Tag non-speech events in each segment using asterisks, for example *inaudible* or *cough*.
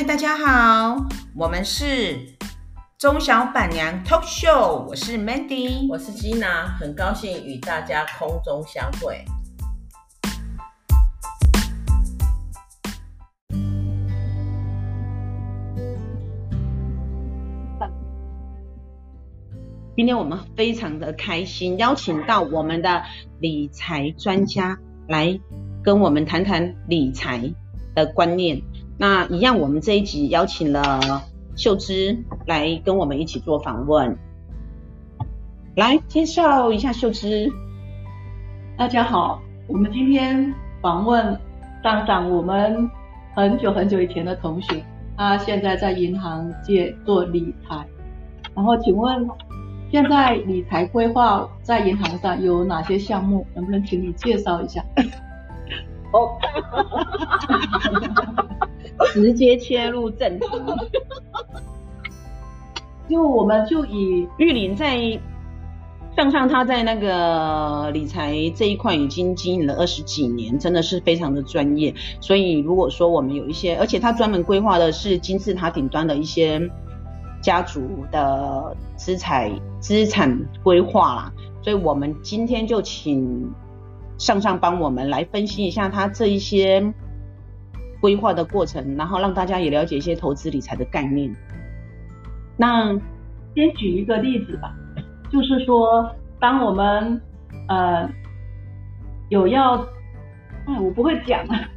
嗨，Hi, 大家好，我們是中小板娘 Talk Show，我是 Mandy，我是 Gina，很高興與大家空中相會。今天我們非常的開心，邀請到我們的理財專家來跟我們談談理財的觀念。那一樣，我們這一集邀請了秀芝來跟我們一起做訪問。來介紹一下秀芝。大家好，我們今天訪問張張，我們很久很久以前的同學，他現在在銀行界做理財。然後請問，現在理財規劃在銀行上有哪些項目？能不能請你介紹一下？哦。 *laughs* *laughs* *laughs* 直接切入正題，就我們就以玉林在上上，他在那個理財這一塊已經經營了二十幾年，真的是非常的專業。所以如果說我們有一些，而且他專門規劃的是金字塔頂端的一些家族的資產資產規劃啦，所以我們今天就請上上幫我們來分析一下他這一些。規劃的過程，然後讓大家也了解一些投資理財的概念。那先舉一個例子吧，就是說，當我們呃有要，哎、嗯，我不會講了，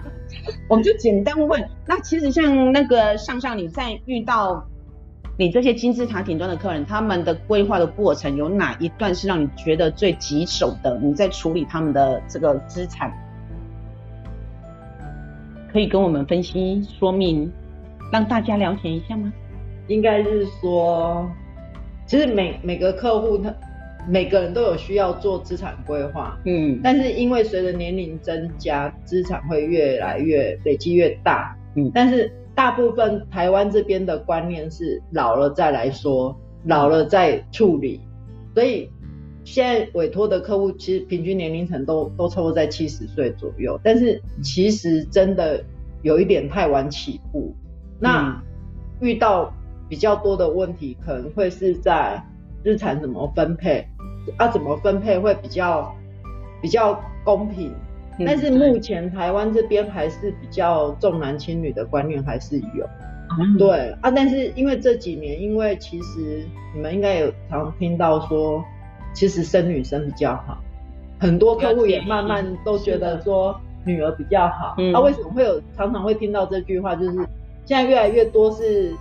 *laughs* *laughs* 我們就簡單問。那其實像那個上上，你在遇到你這些金字塔頂端的客人，他們的規劃的過程有哪一段是讓你覺得最棘手的？你在處理他們的這個資產？可以跟我們分析、說明，讓大家了解一下嗎？應該是說，其實每每個客戶他每個人都有需要做資產規劃，嗯，但是因為隨着年齡增加，資產會越來越累積越大，嗯，但是大部分台灣這邊的觀念是老了再來說，老了再處理，所以現在委托的客戶其實平均年齡層都都差不多在七十歲左右，但是其實真的。有一點太晚起步，那遇到比較多的問題，可能會是在日產怎麼分配，要、啊、怎麼分配會比較比較公平。但是目前台灣這邊還是比較重男輕女的觀念還是有，嗯、對，對啊，但是因為這幾年，因為其實你們應該有常聽到說，其實生女生比較好，很多客戶也慢慢都覺得說。女兒比較好，那、嗯啊、為什麼會有常常會聽到這句話？就是現在越來越多是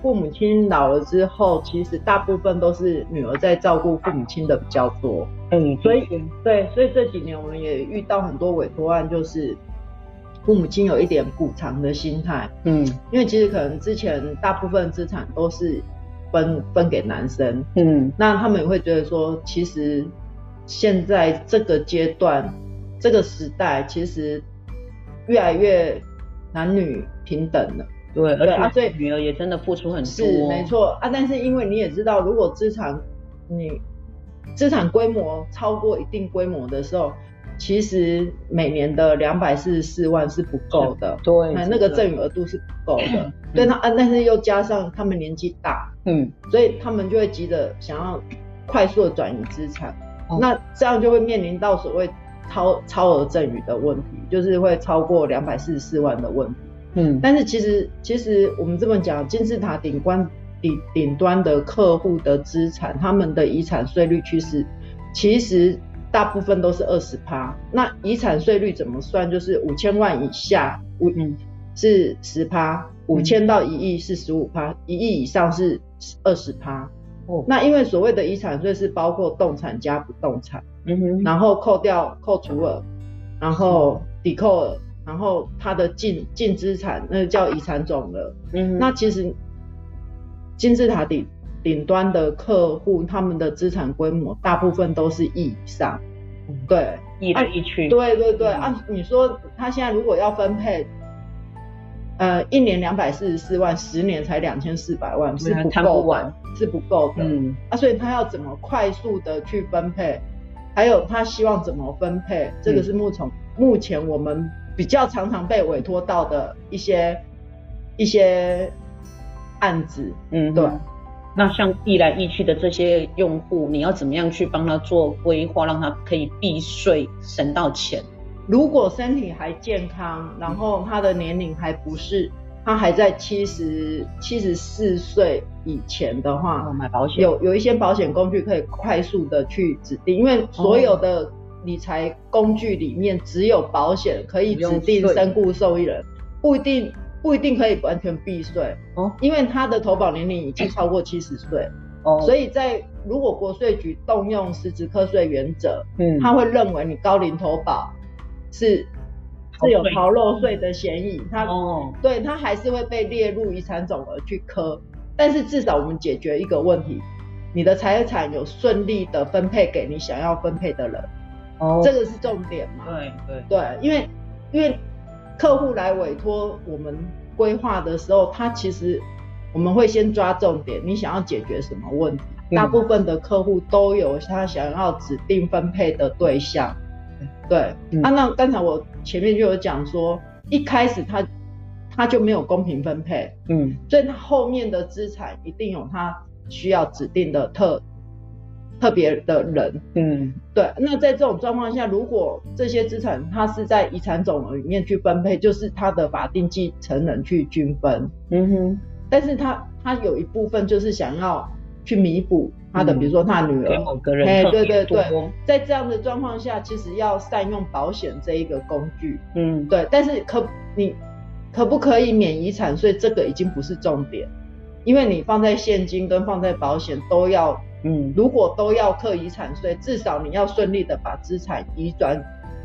父母親老了之後，其實大部分都是女兒在照顧父母親的比較多。嗯，所以對，所以這幾年我們也遇到很多委託案，就是父母親有一點補償的心態。嗯，因為其實可能之前大部分資產都是分分給男生。嗯，那他們也會覺得說，其實現在這個階段。這個時代其實越來越男女平等了，對，對而且對、啊、女兒也真的付出很多、哦，是沒錯啊。但是因為你也知道，如果資產你資產規模超過一定規模的時候，其實每年的兩百四十四萬是不夠的、嗯，對，啊、道那個贈與額度是不夠的。對、嗯，那啊，但是又加上他們年紀大，嗯，所以他們就會急着想要快速的轉移資產，嗯、那這樣就會面臨到所謂。超超額贈與的問題，就是會超過兩百四十四萬的問題。嗯，但是其實其實我們這麼講，金字塔頂端頂頂端的客戶的資產，他們的遺產稅率趨勢，其實大部分都是二十趴。那遺產稅率怎麼算？就是五千萬以下五，嗯，是十趴，五千到一億是十五趴，一億以上是二十趴。哦，那因為所謂的遺產稅是包括動產加不動產。嗯哼，mm hmm. 然後扣掉扣除額，然後抵扣額，hmm. 然後他的淨淨資產，那個、叫遺產總額。嗯、mm hmm. 那其實金字塔頂頂端的客戶，他們的資產規模大部分都是億以上。嗯、mm，hmm. 對，按地區。對對對，按、mm hmm. 啊、你說，他現在如果要分配，呃，一年兩百四十四萬，十年才兩千四百萬，啊是不夠的，是不夠完，是不夠的。嗯、mm hmm. 啊，所以他要怎麼快速的去分配？還有他希望怎麼分配？這個是目從目前我們比較常常被委託到的一些一些案子。嗯哼，對。那像一來一去的這些用戶，你要怎麼樣去幫他做規劃，讓他可以避稅、省到錢？如果身體還健康，然後他的年齡還不是。他還在七十七十四歲以前的話，哦、買保險有有一些保險工具可以快速的去指定，因為所有的理財工具裡面只有保險可以指定身故受益人，不一定不一定可以完全避稅，哦，因為他的投保年齡已經超過七十歲，哦，所以在如果國稅局動用實質課稅原則，嗯，他會認為你高齡投保是。是有逃漏稅的嫌疑，他、哦、對他還是會被列入遺產總額去扣。但是至少我們解決一個問題，你的財產有順利的分配給你想要分配的人，哦，這個是重點嘛？對對對，因為因為客戶來委託我們規劃的時候，他其實我們會先抓重點，你想要解決什麼問題？嗯、大部分的客戶都有他想要指定分配的對象，對，嗯、啊，那剛才我。前面就有講說，一開始他他就沒有公平分配，嗯，所以他後面的資產一定有他需要指定的特特別的人，嗯，對。那在這種狀況下，如果這些資產他是在遺產總額裡面去分配，就是他的法定繼承人去均分，嗯哼。但是他他有一部分就是想要去彌補。他的、嗯、比如說他女兒，哎對對對，在這樣的狀況下，其實要善用保險這一個工具，嗯對，但是可你可不可以免遺產稅，這個已經不是重點，因為你放在現金跟放在保險都要，嗯，如果都要課遺產稅，至少你要順利的把資產移轉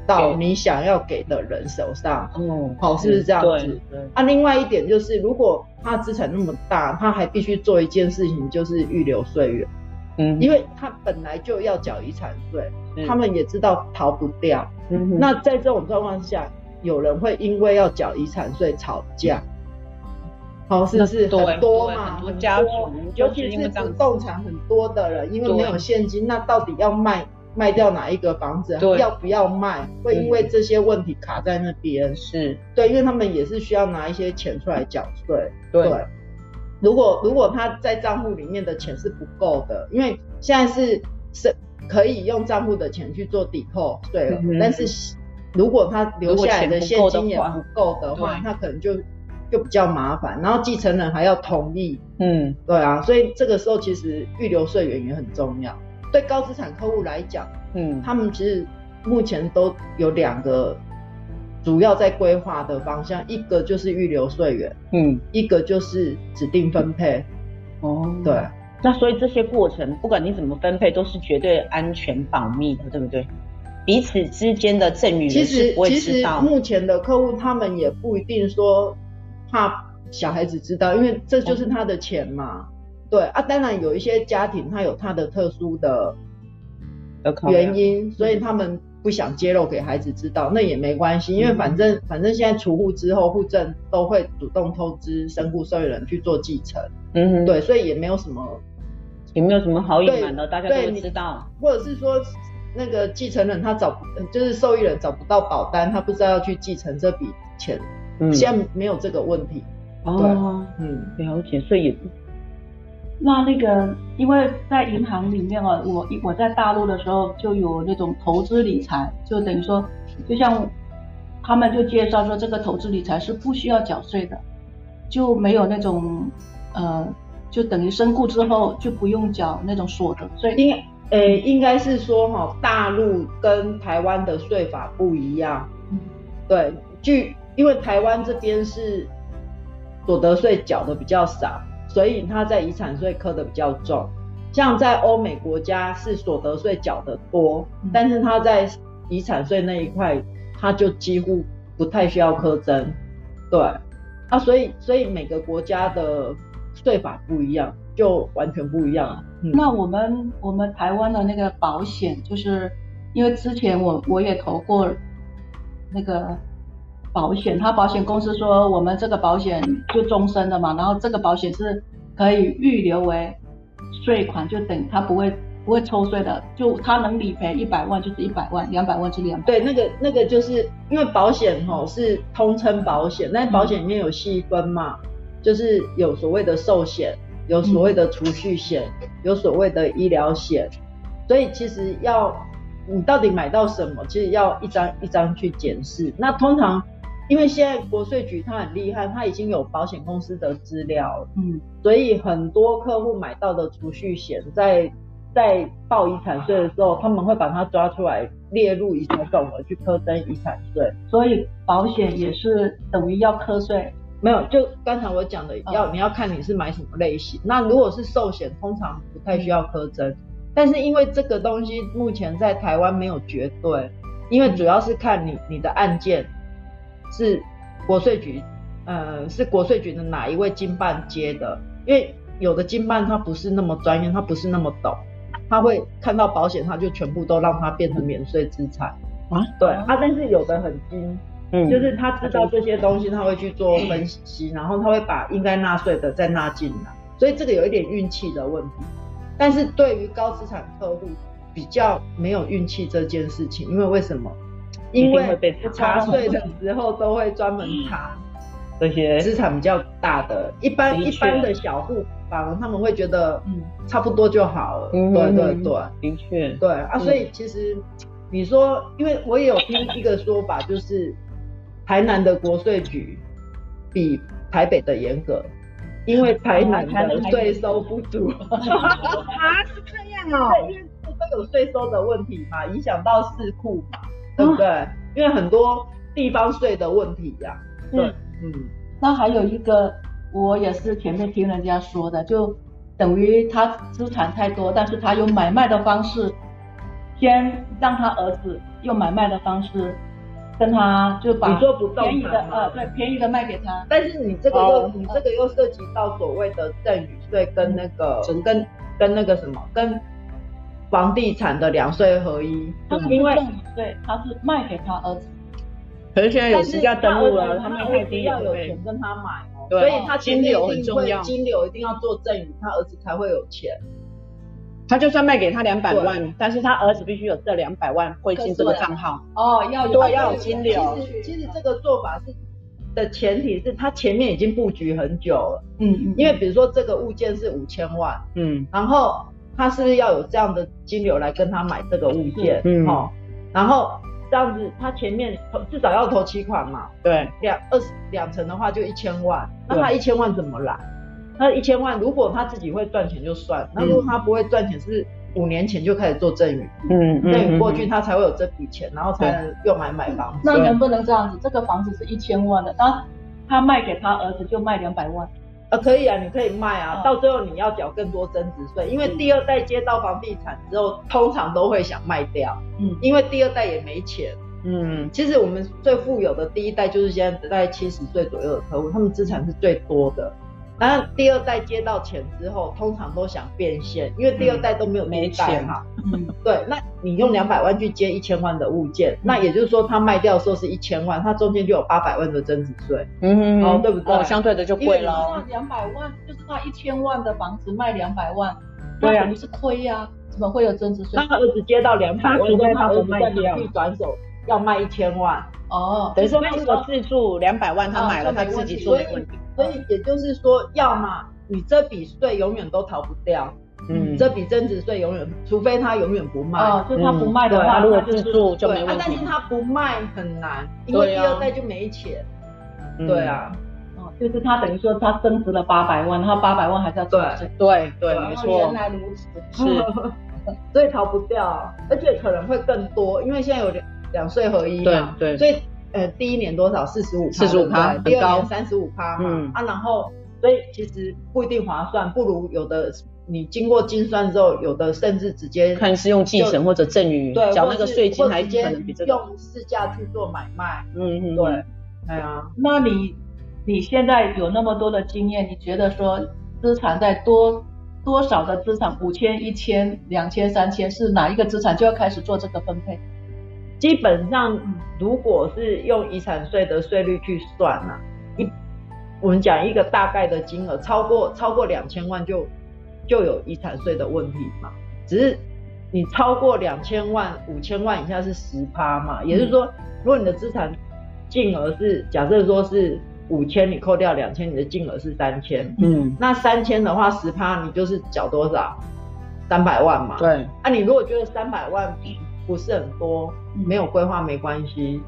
到你想要給的人手上，嗯好，是不是這樣子？那、嗯啊、另外一點就是，如果他資產那麼大，他還必須做一件事情，就是預留稅源。嗯，因為他本來就要繳遺產稅，他們也知道逃不掉。嗯哼。那在這種狀況下，有人會因為要繳遺產稅吵架，好，是不是很多嘛？很多家族，尤其是不動產很多的人，因為沒有現金，那到底要賣賣掉哪一個房子？要不要賣？會因為這些問題卡在那邊。是。對，因為他們也是需要拿一些錢出來繳稅。對。如果如果他在賬戶裡面的錢是不夠的，因為現在是是可以用賬戶的錢去做抵扣稅，對了，嗯嗯，但是如果他留下來的現金也不夠的話，那可能就就比較麻煩，然後繼承人還要同意，嗯，對啊，所以這個時候其實預留稅源也很重要，對高資產客戶來講，嗯，他們其實目前都有兩個。主要在規劃的方向，一個就是預留稅源，嗯，一個就是指定分配。哦，對，那所以這些過程，不管你怎麼分配，都是絕對安全保密的，對不對？彼此之間的贈與其，其實目前的客戶，他們也不一定說怕小孩子知道，因為這就是他的錢嘛。哦，對啊，當然有一些家庭，他有他的特殊的，原因，所以他們。不想揭露給孩子知道，那也沒關係，因為反正、嗯、哼反正現在除戶之後，戶政都會主動通知身故受益人去做繼承，嗯哼，對，所以也沒有什麼，也沒有什麼好隱瞞的，對大家都知道。或者是說，那個繼承人他找，就是受益人找不到保單，他不知道要去繼承這筆錢，嗯，現在沒有這個問題，哦，對嗯，了解，所以也那那個，因為在銀行裡面啊、哦，我一我在大陸的時候就有那種投資理財，就等於說，就像他們就介紹說，這個投資理財是不需要繳稅的，就沒有那種，呃，就等於身故之後就不用繳那種所得稅。所以應該，呃，應該是說哈、哦，大陸跟台灣的稅法不一樣。嗯、對，就因為台灣這邊是所得稅繳的比較少。所以他在遺產稅課的比較重，像在歐美國家是所得稅繳的多，但是他在遺產稅那一塊，他就幾乎不太需要課徵。對，啊，所以所以每個國家的稅法不一樣，就完全不一樣。嗯、那我們我們台灣的那個保險，就是因為之前我我也投過那個。保險，他保險公司說，我們這個保險就終身的嘛，然後這個保險是可以預留為稅款，就等他不會不會抽稅的，就他能理賠一百萬就是一百萬，兩百萬就是兩百萬。對，那個那個就是因為保險吼是通稱保險，那保險裡面有細分嘛，嗯、就是有所謂的壽險，有所謂的儲蓄險，嗯、有所謂的醫療險，所以其實要你到底買到什麼，其實要一張一張去檢視。那通常，因為現在國稅局它很厲害，它已經有保險公司的資料了，嗯，所以很多客戶買到的儲蓄險，在在報遺產稅的時候，啊、他們會把它抓出來列入遺產總額去課徵遺產稅。所以保險也是等於要課稅？嗯、沒有，就剛才我講的，要、嗯、你要看你是買什麼類型。那如果是壽險，通常不太需要課徵，嗯、但是因為這個東西目前在台灣沒有絕對，因為主要是看你你的案件。是國稅局，呃，是國稅局的哪一位經辦接的？因為有的經辦他不是那麼專業，他不是那麼懂，他會看到保險，他就全部都讓他變成免稅資產啊。對，他，啊，但是有的很精，嗯，就是他知道這些東西，他會去做分析，然後他會把應該納稅的再納進來，所以這個有一點運氣的問題。但是對於高資產客戶，比較沒有運氣這件事情，因為為什麼？因為查稅的時候都會專門查、嗯、這些資產比較大的，一般、明確、一般的小戶房，他們會覺得嗯差不多就好了，嗯、對對對，明確、對，明確、對啊，明確、所以其實你說，因為我也有聽一個說法，就是台南的國稅局比台北的嚴格，因為台南的稅收不足，啊，是這樣哦，對，因為都有稅收的問題嘛，影響到市庫嘛。對不對？哦、因為很多地方稅的問題呀、啊。對，嗯。嗯，那還有一個，我也是前面聽人家說的，就等於他資產太多，但是他用買賣的方式，先讓他兒子用買賣的方式跟他，就把便宜的你說不動呃、嗯，對，便宜的賣給他，但是你這個又、哦、你這個又涉及到所謂的贈與稅、嗯、跟那個，嗯、跟跟那個什麼跟。房地產的兩稅合一，他是因為、嗯、對，他是賣給他兒子，可是現在有實價登錄了，他一定要有錢跟他買哦，對所以他金流很重要，金流一定要做贈與他兒子才會有錢。他就算賣給他兩百萬，對但是他兒子必須有這兩百萬匯進這個賬號哦，要多要有金流其。其實這個做法是的前提是他前面已經布局很久了，嗯嗯，因為比如說這個物件是五千萬，嗯，然後。他是不是要有這樣的金流來跟他買這個物件？嗯，哈、哦，然後這樣子，他前面投至少要投七款嘛，對，兩二兩成的話就一千萬，對那他一千萬怎麼來？那一千萬如果他自己會賺錢就算，那、嗯、如果他不會賺錢是五年前就開始做贈與、嗯，嗯嗯，贈與過去他才會有這筆錢，嗯、然後才能用來買房。對以那能不能這樣子？這個房子是一千萬的，他、啊、他賣給他兒子就賣兩百萬。呃、啊，可以啊，你可以賣啊，哦、到最後你要繳更多增值稅，因為第二代接到房地產之後，通常都會想賣掉，嗯，因為第二代也沒錢，嗯，其實我們最富有的第一代就是現在大概七十歲左右的客戶，他們資產是最多的。然後第二代接到錢之後，通常都想變現，因為第二代都沒有代、嗯、沒錢嘛。嗯，對。那你用兩百萬去接一千萬的物件，嗯、那也就是說他賣掉的時候是一千萬，他中間就有八百萬的增值稅。嗯嗯、哦、對不對？哦、啊，相對的就貴了。因為拿兩百萬，就是他一千萬的房子賣兩百萬，嗯對啊、那怎麼是虧呀、啊？怎麼會有增值稅？那他兒子接到兩百萬，他主他兒子賣掉去轉手。要賣一千萬哦，等於說他如果自住兩百萬，他買了他自己住沒問題。所以所以也就是說，要嘛你這筆稅永遠都逃不掉，嗯，這筆增值稅永遠，除非他永遠不賣啊。就、哦、他不賣的話，嗯啊、如果自住就沒問題、啊。但是他不賣很難，因為第二代就沒錢。對啊，哦、嗯啊，就是他等於說他增值了八百萬，他八百萬還在增值。稅。對對，對、啊、沒錯錯。原來如此，是， *laughs* 所以逃不掉，而且可能會更多，因為現在有點。兩稅合一嘛，對，對所以呃第一年多少四十五趴，四十五趴，很高，第二年三十五趴嘛，嗯啊，然後所以其實不一定划算，不如有的你經過精算之後，有的甚至直接看是用繼承或者贈與對。繳那個稅金還比較，還直接用市價去做買賣，嗯嗯對，哎呀，那你你現在有那麼多的經驗，你覺得說資產在多多少的資產，五千、一千、兩千、三千，是哪一個資產就要開始做這個分配？基本上，如果是用遺產稅的稅率去算呢、啊，一我們講一個大概的金額，超過超過兩千萬就就有遺產稅的問題嘛。只是你超過兩千萬，五千萬以下是十趴嘛。嗯、也就是說，如果你的資產淨額是，假設說是五千，你扣掉兩千，你的淨額是三千。嗯。那三千的話，十趴你就是繳多少？三百萬嘛。對。啊，你如果覺得三百萬比。不是很多，沒有規劃沒關係，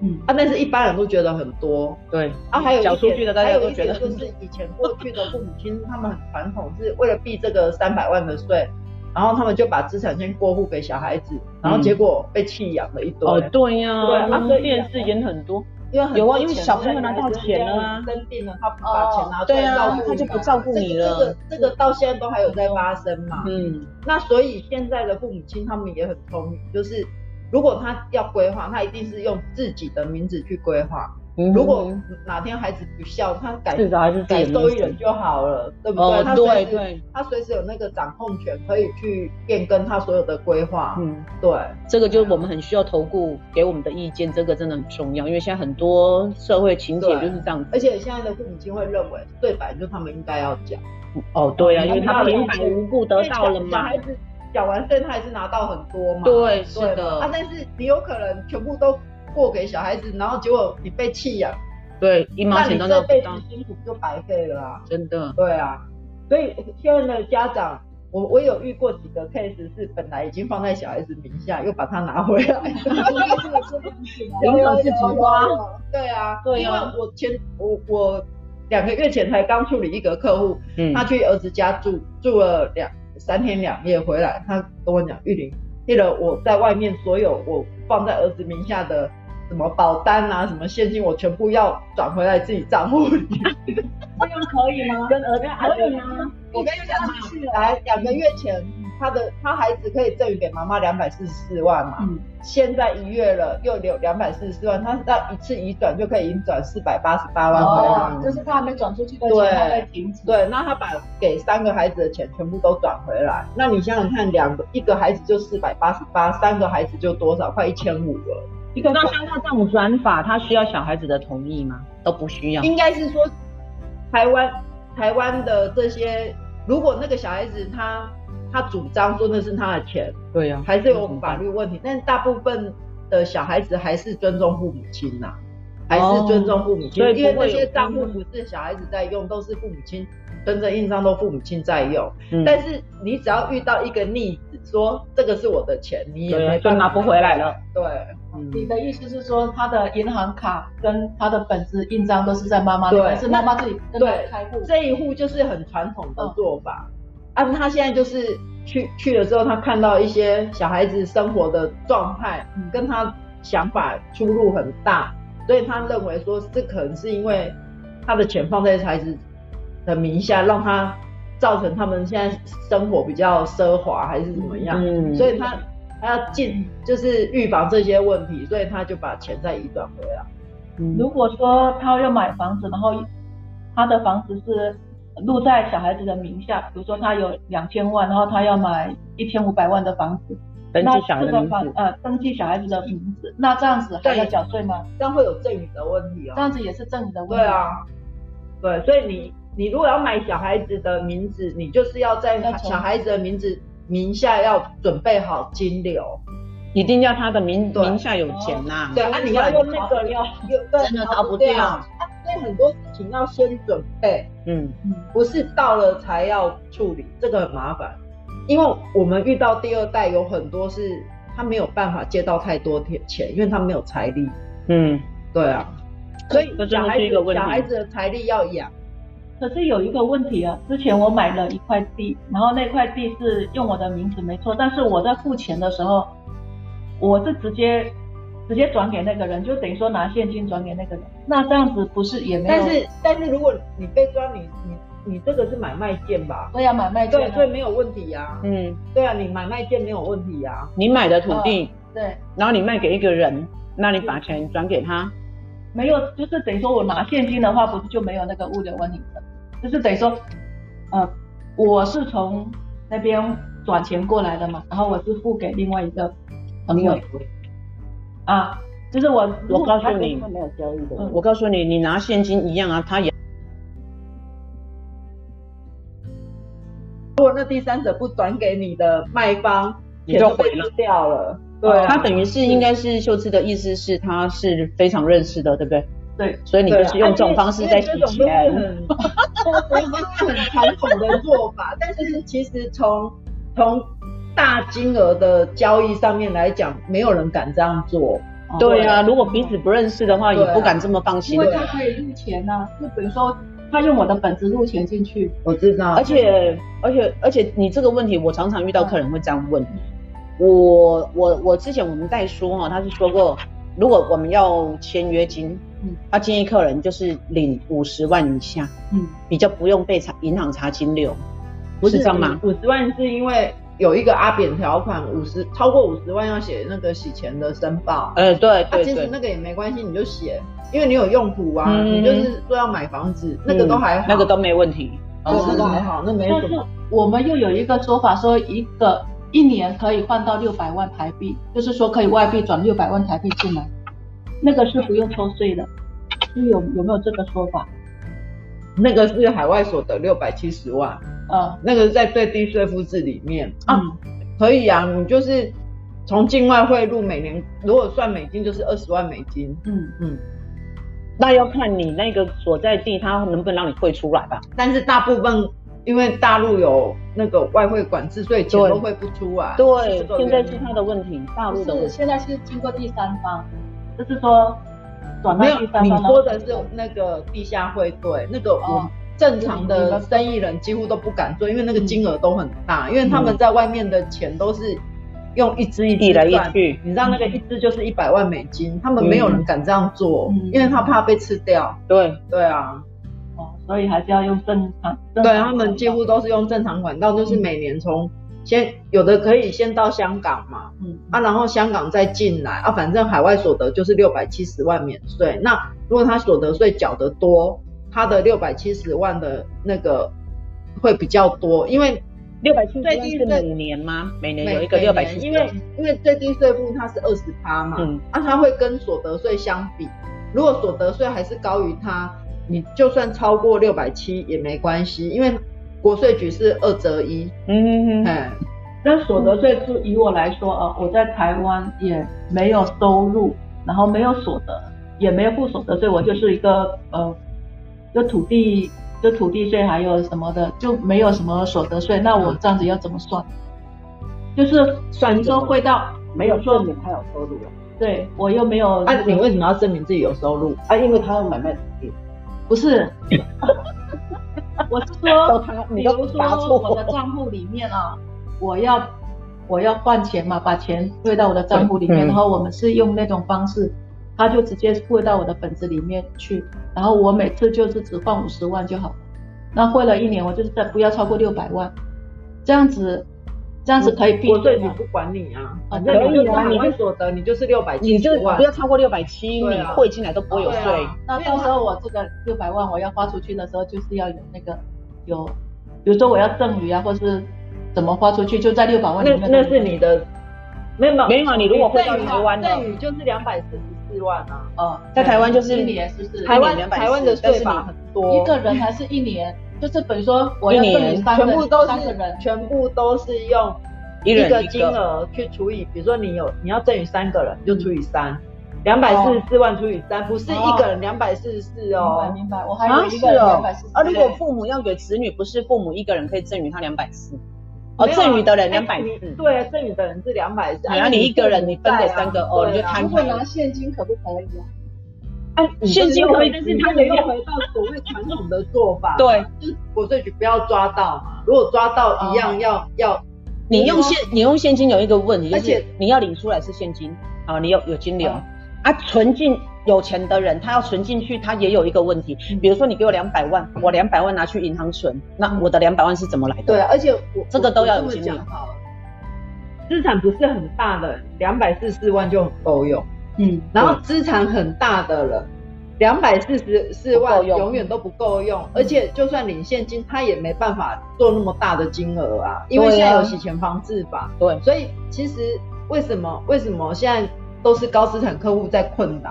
嗯啊，但是，一般人都覺得很多，對，啊，還有一，的大家還有覺得就是以前過去的父母親 *laughs* 他們很傳統，是為了避這個三百萬的稅，然後他們就把資產先過戶給小孩子，嗯、然後結果被棄養了一堆，哦，對呀，啊，電視演很多。因為很多有啊，因為小朋友拿到錢了，生病了他不把錢拿出來，照顧他就不照顧你了。這個、這個、這個到現在都還有在發生嘛？嗯，嗯，那所以現在的父母親他們也很聰明，就是如果他要規劃，他一定是用自己的名字去規劃。嗯如果哪天孩子不孝，他改改受益人就好了，對不對？他隨時有那個掌控權，可以去變更他所有的規劃。嗯，對，這個就是我們很需要投顧給我們的意見，這個真的很重要，因為現在很多社會情節就是這樣子。而且現在的父母親會認為，對白就他們應該要講。哦，對啊，因為他們平白無故得到了嘛。小孩子繳完稅，他還是拿到很多嘛。對，是的。啊，但是你有可能全部都。過給小孩子，然後結果你被棄養，對，一毛錢都沒有。那你這輩子辛苦就白費了啊！真的，對啊。所以現在的家長，我我有遇過幾個 case 是本來已經放在小孩子名下，又把它拿回來，啊。對啊，對啊。因為我前我我兩個月前才剛處理一個客戶，嗯、他去兒子家住住了兩三天兩夜回來，他跟我講玉林，為了我在外面所有我放在兒子名下的。什麼保單啊，什麼現金，我全部要轉回來自己賬戶裡。這樣可以嗎？跟兒子還有嗎？我又想出去來，兩個月前，他的他孩子可以贈予給媽媽兩百四十四萬嘛。現在一月了，又留兩百四十四萬，他那一次移轉就可以移轉四百八十八萬回來。哦。就是他還沒轉出去的錢還停止。對，那他把給三個孩子的錢全部都轉回來。那你想想看，兩個一個孩子就四百八十八，三個孩子就多少？快一千五了。你知道香港賬戶轉法，他需要小孩子的同意嗎？都不需要。應該是說，台灣台灣的這些，如果那個小孩子他他主張說那是他的錢，對呀、啊，還是有法律問題。但是大部分的小孩子還是尊重父母親吶、啊，哦、還是尊重父母親，哦、因為那些賬戶不是小孩子在用，哦、都是父母親。嗯、跟着印章都父母親在用，嗯、但是你只要遇到一個逆。說這個是我的錢，你也沒辦法就拿不回來了。對，嗯、你的意思是說他的銀行卡跟他的本子印章都是在媽媽裡對，是媽媽自己開戶對,對，這一戶就是很傳統的做法。嗯、他現在就是去去了之後，他看到一些小孩子生活的狀態，嗯、跟他想法出入很大，所以他認為說這可能是因為他的錢放在孩子的名下，嗯、讓他。造成他們現在生活比較奢華還是怎麼樣，嗯、所以他他要進就是預防這些問題，所以他就把錢再移轉回來。嗯、如果說他要買房子，然後他的房子是錄在小孩子的名下，比如說他有兩千萬，然後他要買一千五百萬的房子，登記小的名字，呃，登記小孩子的名字，那這樣子還要繳稅嗎？這樣會有贈與的問題哦。這樣子也是贈與的問題，對啊，對，所以你。你如果要買小孩子的名字，你就是要在小孩子的名字名下要準備好金流，一定要他的名名下有錢吶。對，那你要用那個要用，真的逃不掉。所以很多事情要先準備，嗯，不是到了才要處理，這個很麻煩。因為我們遇到第二代有很多是他沒有辦法借到太多錢，錢，因為他沒有財力。嗯，對啊。所以小孩子，小孩子的財力要養。可是有一個問題啊，之前我買了一塊地，然後那塊地是用我的名字沒錯，但是我在付錢的時候，我是直接直接轉給那個人，就等於說拿現金轉給那個人，那這樣子不是也沒有？但是但是如果你被抓，你你你這個是買賣件吧？對呀、啊，買賣件、啊。對對，沒有問題呀、啊。嗯，對啊，你買賣件沒有問題呀、啊。你買的土地，哦、對，然後你賣給一個人，那你把錢轉給他。沒有，就是等於說，我拿現金的話，不是就沒有那個物流問題了？就是等於說，呃，我是從那邊轉錢過來的嘛，然後我是付給另外一個朋友，啊，就是我，我告訴你，啊，你，我告訴你，你拿現金一樣啊，他也，如果那第三者不轉給你的賣方，就你就毀掉了。對他等於是應該是秀智的意思是他是非常認識的，對不對？對，所以你就是用這種方式在洗錢。我哈哈是很傳統的做法，但是其實，從從大金額的交易上面來講，沒有人敢這樣做。對呀，如果彼此不認識的話，也不敢這麼放心。因為他可以入錢呢，就比如說他用我的本子入錢進去。我知道。而且而且而且，你這個問題我常常遇到客人會這樣問你。我我我之前我們在說哈，他是說過，如果我們要簽約金，他建議客人就是領五十萬以下，嗯，比較不用被查銀行查金流，不是這樣嗎？五十萬是因為有一個阿扁條款，五十，超過五十萬要寫那個洗錢的申報，哎，對，他其實那個也沒關係，你就寫，因為你有用途啊，你就是說要買房子，那個都還好，那個都沒問題，哦，那還好，那沒什麼。但是我們又有一個說法說一個。一年可以換到六百萬台幣，就是說可以外幣轉六百萬台幣進來，那個是不用抽稅的，有有沒有這個說法？那個是海外所得六百七十萬，呃，那個是在最低稅負制裡面啊，嗯、可以啊，你就是從境外匯入每年，如果算美金就是二十萬美金，嗯嗯，嗯那要看你那個所在地它能不能讓你退出來吧，但是大部分。因為大陸有那個外匯管制，所以錢都匯不出來。對，現在是他的問題。大陸是現在是經過第三方，就是說轉到第三方嗎？你說的是那個地下匯兌，對，那個正常的生意人幾乎都不敢做，因為那個金額都很大，因為他們在外面的錢都是用一支一支來賺。你知道那個一支就是一百萬美金，他們沒有人敢這樣做，因為他怕被吃掉。對，對啊。所以還是要用正、正常，對，他們幾乎都是用正常管道，嗯、就是每年從先有的可以先到香港嘛，嗯、啊，然後香港再進來，啊，反正海外所得就是六百七十萬免稅，那如果他所得稅繳得多，他的六百七十萬的那個會比較多，因為六百七十萬是，最低是每年嗎？每年有一個六百七十萬因，因為因為最低稅負它是二十趴嘛，那它、嗯啊、會跟所得稅相比，如果所得稅還是高於它。你就算超過六百七也沒關係，因為國稅局是二擇一。嗯嗯嗯。哎嘿，那所得稅就以我來說啊，啊我在台灣也沒有收入，然後沒有所得，也沒有付所得稅，我就是一個呃，個土地，一土地稅，還有什麼的，就沒有什麼所得稅。那我這樣子要怎麼算？嗯、就是算中會到，嗯、沒有說明他有收入、啊。對我又沒有。那、啊、你為什麼要證明自己有收入？啊，因為他有買賣土地。不是，我是說，比如說我的賬戶裡面啊，我要我要換錢嘛，把錢匯到我的賬戶裡面，嗯、然後我們是用那種方式，他就直接匯到我的本子裡面去，然後我每次就是只換五十萬就好，那匯了一年我就是不要超過六百萬，這樣子。這樣子可以避稅嗎？不管你啊，反正你你免稅所得，你就是六百，你就不要超過六百七，你匯進來都不會有稅。那到時候我這個六百萬我要花出去的時候，就是要有那個有，比如說我要贈與啊，或是怎麼花出去，就在六百萬裡面。那是你的，沒有沒有，你如果匯到台灣的贈與就是兩百四十四萬啊。嗯，在台灣就是一年是不是？台灣台灣的稅法很多，一個人還是一年？就是等於說，我要贈予三個人，你全部都是全部都是用一個金額去除以，比如說你有你要贈予三個人，就除以三，兩百四十四萬除以三，不是一個人兩百四十四哦。明白明白，我還以為是244啊，如果父母要給子女，不是父母一個人可以贈予他兩百四，哦贈予的人兩百四，對，贈予的人是兩百四。然後你一個人，你分給三個哦，你就攤開。如果拿現金可不可以啊？啊、現金可，不可以，但是他沒有回到所謂傳統的做法。 *laughs* 對，就是國稅局不要抓到，如果抓到一樣，要要，嗯、要你用現你用現金有一個問題，而且你要領出來是現金啊，你有有金流對啊。存進有錢的人，他要存進去，他也有一個問題。嗯、比如說你給我兩百萬，我兩百萬拿去銀行存，那我的兩百萬是怎麼來的？對，而且我這個都要有金流。資產不是很大的，兩百四十四萬就很夠用。嗯，然後資產很大的人，兩百四十四萬永遠都不夠用，而且就算領現金，他也沒辦法做那麼大的金額啊，因為現在有洗錢防制法。對，所以其實為什麼為什麼現在都是高資產客戶在困擾？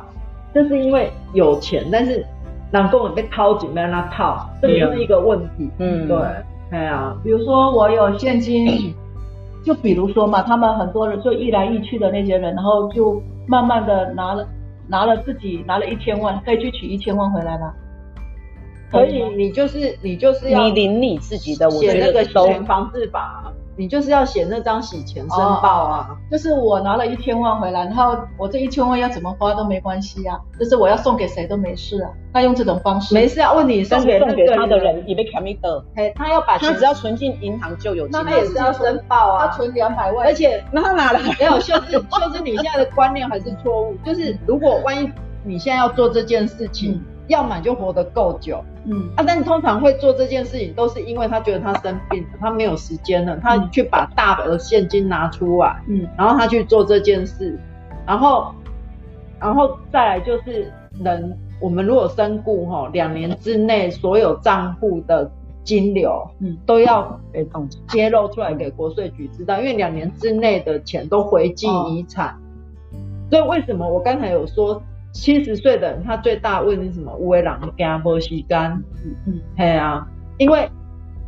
這是因為有錢，但是讓工人被掏沒讓他套，這就是一個問題。嗯，對，哎呀，比如說我有現金，就比如說嘛，他們很多人就一來一去的那些人，然後就。慢慢的拿了拿了自己拿了一千萬，可以去取一千萬回來嗎？可以，可以你、就是，你就是你就是要你領你自己的，寫那個收錢方式吧。你就是要寫那張洗錢申報啊！Oh, 就是我拿了一千萬回來，然後我這一千萬要怎麼花都沒關係啊，就是我要送給誰都沒事啊。那用這種方式，沒事啊，問你送,送給他的人你被查沒的他要把錢只要存進銀行就有錢。那他,他也是要申報啊，他存兩百萬，而且那他拿了沒有？就是就是你現在的觀念還是錯誤，就是如果萬一你現在要做這件事情。嗯要買就活得夠久，嗯，啊，但你通常會做這件事情，都是因為他覺得他生病了，他沒有時間了，嗯、他去把大額現金拿出來，嗯，然後他去做這件事，然後，然後再來就是人，我們如果身故哈，兩年之內所有賬戶的金流，嗯，都要被凍結，揭露出來給國稅局知道，因為兩年之內的錢都回計遺產，哦、所以為什麼我剛才有說？七十歲的人，他最大問題是什麼？無為老人驚無時間，嗯嗯，對啊，因為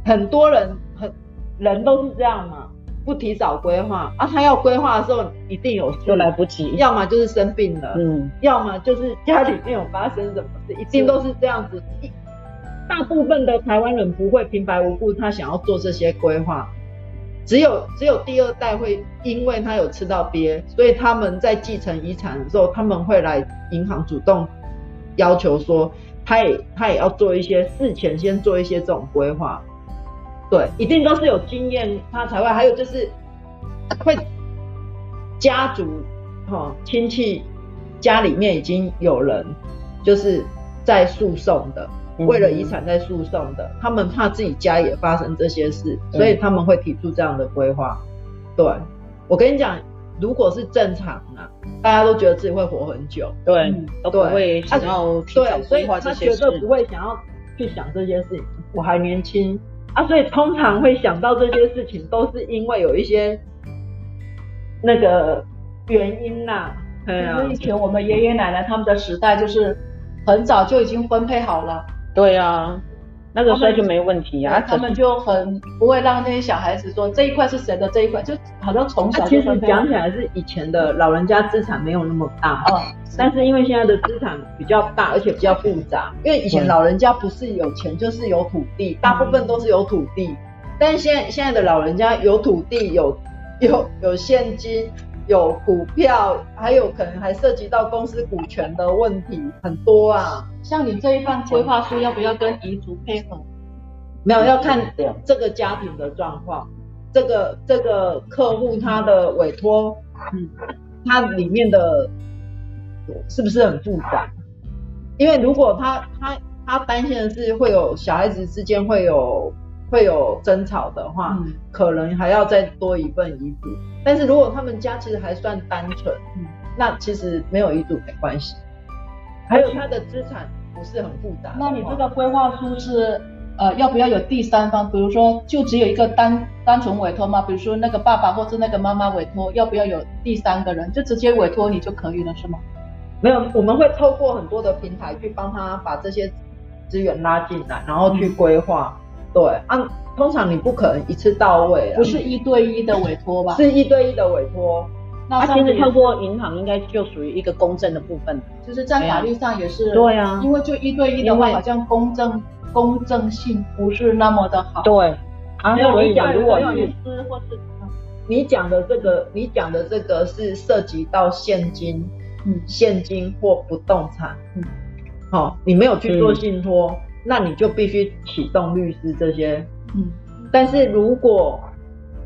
很多人很人都是這樣嘛，不提早規劃啊，他要規劃的時候一定有就來不及，要麼就是生病了，嗯，要麼就是家裡面有發生什麼事，一定都是這樣子。一大部分的台灣人不會平白無故他想要做這些規劃。只有只有第二代會，因為他有吃到鱉，所以他們在繼承遺產的時候，他們會來銀行主動要求說，他也他也要做一些事前先做一些這種規劃，對，一定都是有經驗他才會，還有就是會家族哈、哦、親戚家裡面已經有人就是在訴訟的。為了遺產在訴訟的，他們怕自己家也發生這些事，所以他們會提出這樣的規劃。對，我跟你講，如果是正常啊，大家都覺得自己會活很久，對，都不會想要，對，所以他覺得不會想要去想這些事情。我還年輕啊，所以通常會想到這些事情，都是因為有一些那個原因啦。對啊，以前我們爺爺奶奶他們的時代，就是很早就已經分配好了。對呀、啊，那個時候就沒問題呀、啊，okay, 啊、他們就很不會讓那些小孩子說，這一塊是誰的，這一塊就好像從小就講、啊、起來是以前的老人家資產沒有那麼大，哦、是但是因為現在的資產比較大，而且比較複雜，對因為以前老人家不是有錢就是有土地，對大部分都是有土地，但現在現在的老人家有土地有有有現金。有股票，還有可能還涉及到公司股權的問題，很多啊。像你這一份規劃書，要不要跟遺囑配合？嗯，沒有，要看這個家庭的狀況，這個這個客戶他的委託，嗯，他裡面的是不是很複雜？因為如果他他他擔心的是會有小孩子之間會有。會有爭吵的話，嗯、可能還要再多一份遺囑。嗯、但是如果他們家其實還算單純，嗯、那其實沒有遺囑沒關係。還有他的資產不是很複雜。那你這個規劃書是,是、哦、呃要不要有第三方？嗯、比如說就只有一個單單純委托嗎？比如說那個爸爸或者那個媽媽委托，要不要有第三個人？就直接委托你就可以了是嗎？沒有，我們會透過很多的平台去幫他把這些資源拉進來，然後去規劃。嗯對，啊，通常你不可能一次到位，不是一對一的委託吧？是一對一的委託，那甚至透過銀行，應該就屬於一個公證的部分，就是在法律上也是，對呀，因為就一對一的話，好像公證公證性不是那麼的好。對，那我一講，如果你是或是，你講的這個，你講的這個是涉及到現金，嗯，現金或不動產，嗯，好，你沒有去做信託。那你就必須啟動律師這些，但是如果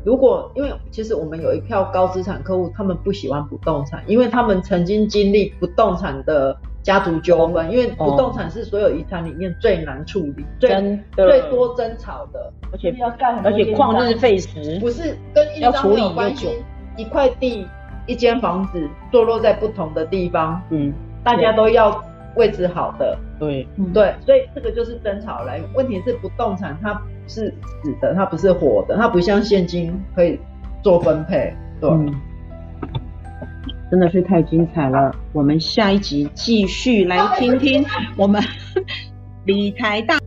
如果因為其實我們有一票高資產客戶，他們不喜歡不動產，因為他們曾經經歷不動產的家族糾紛，因為不動產是所有遺產裡面最難處理、最最多爭吵的，而且要幹很多，而且曠日費時，不是跟印章沒有關係，一塊地、一間房子坐落在不同的地方，嗯，大家都要。位置好的，對，嗯、對，所以這個就是爭吵來。問題是不動產它是死的，它不是活的，它不像現金可以做分配，對。嗯、真的是太精彩了，我們下一集繼續來聽聽我們理財大。 *laughs*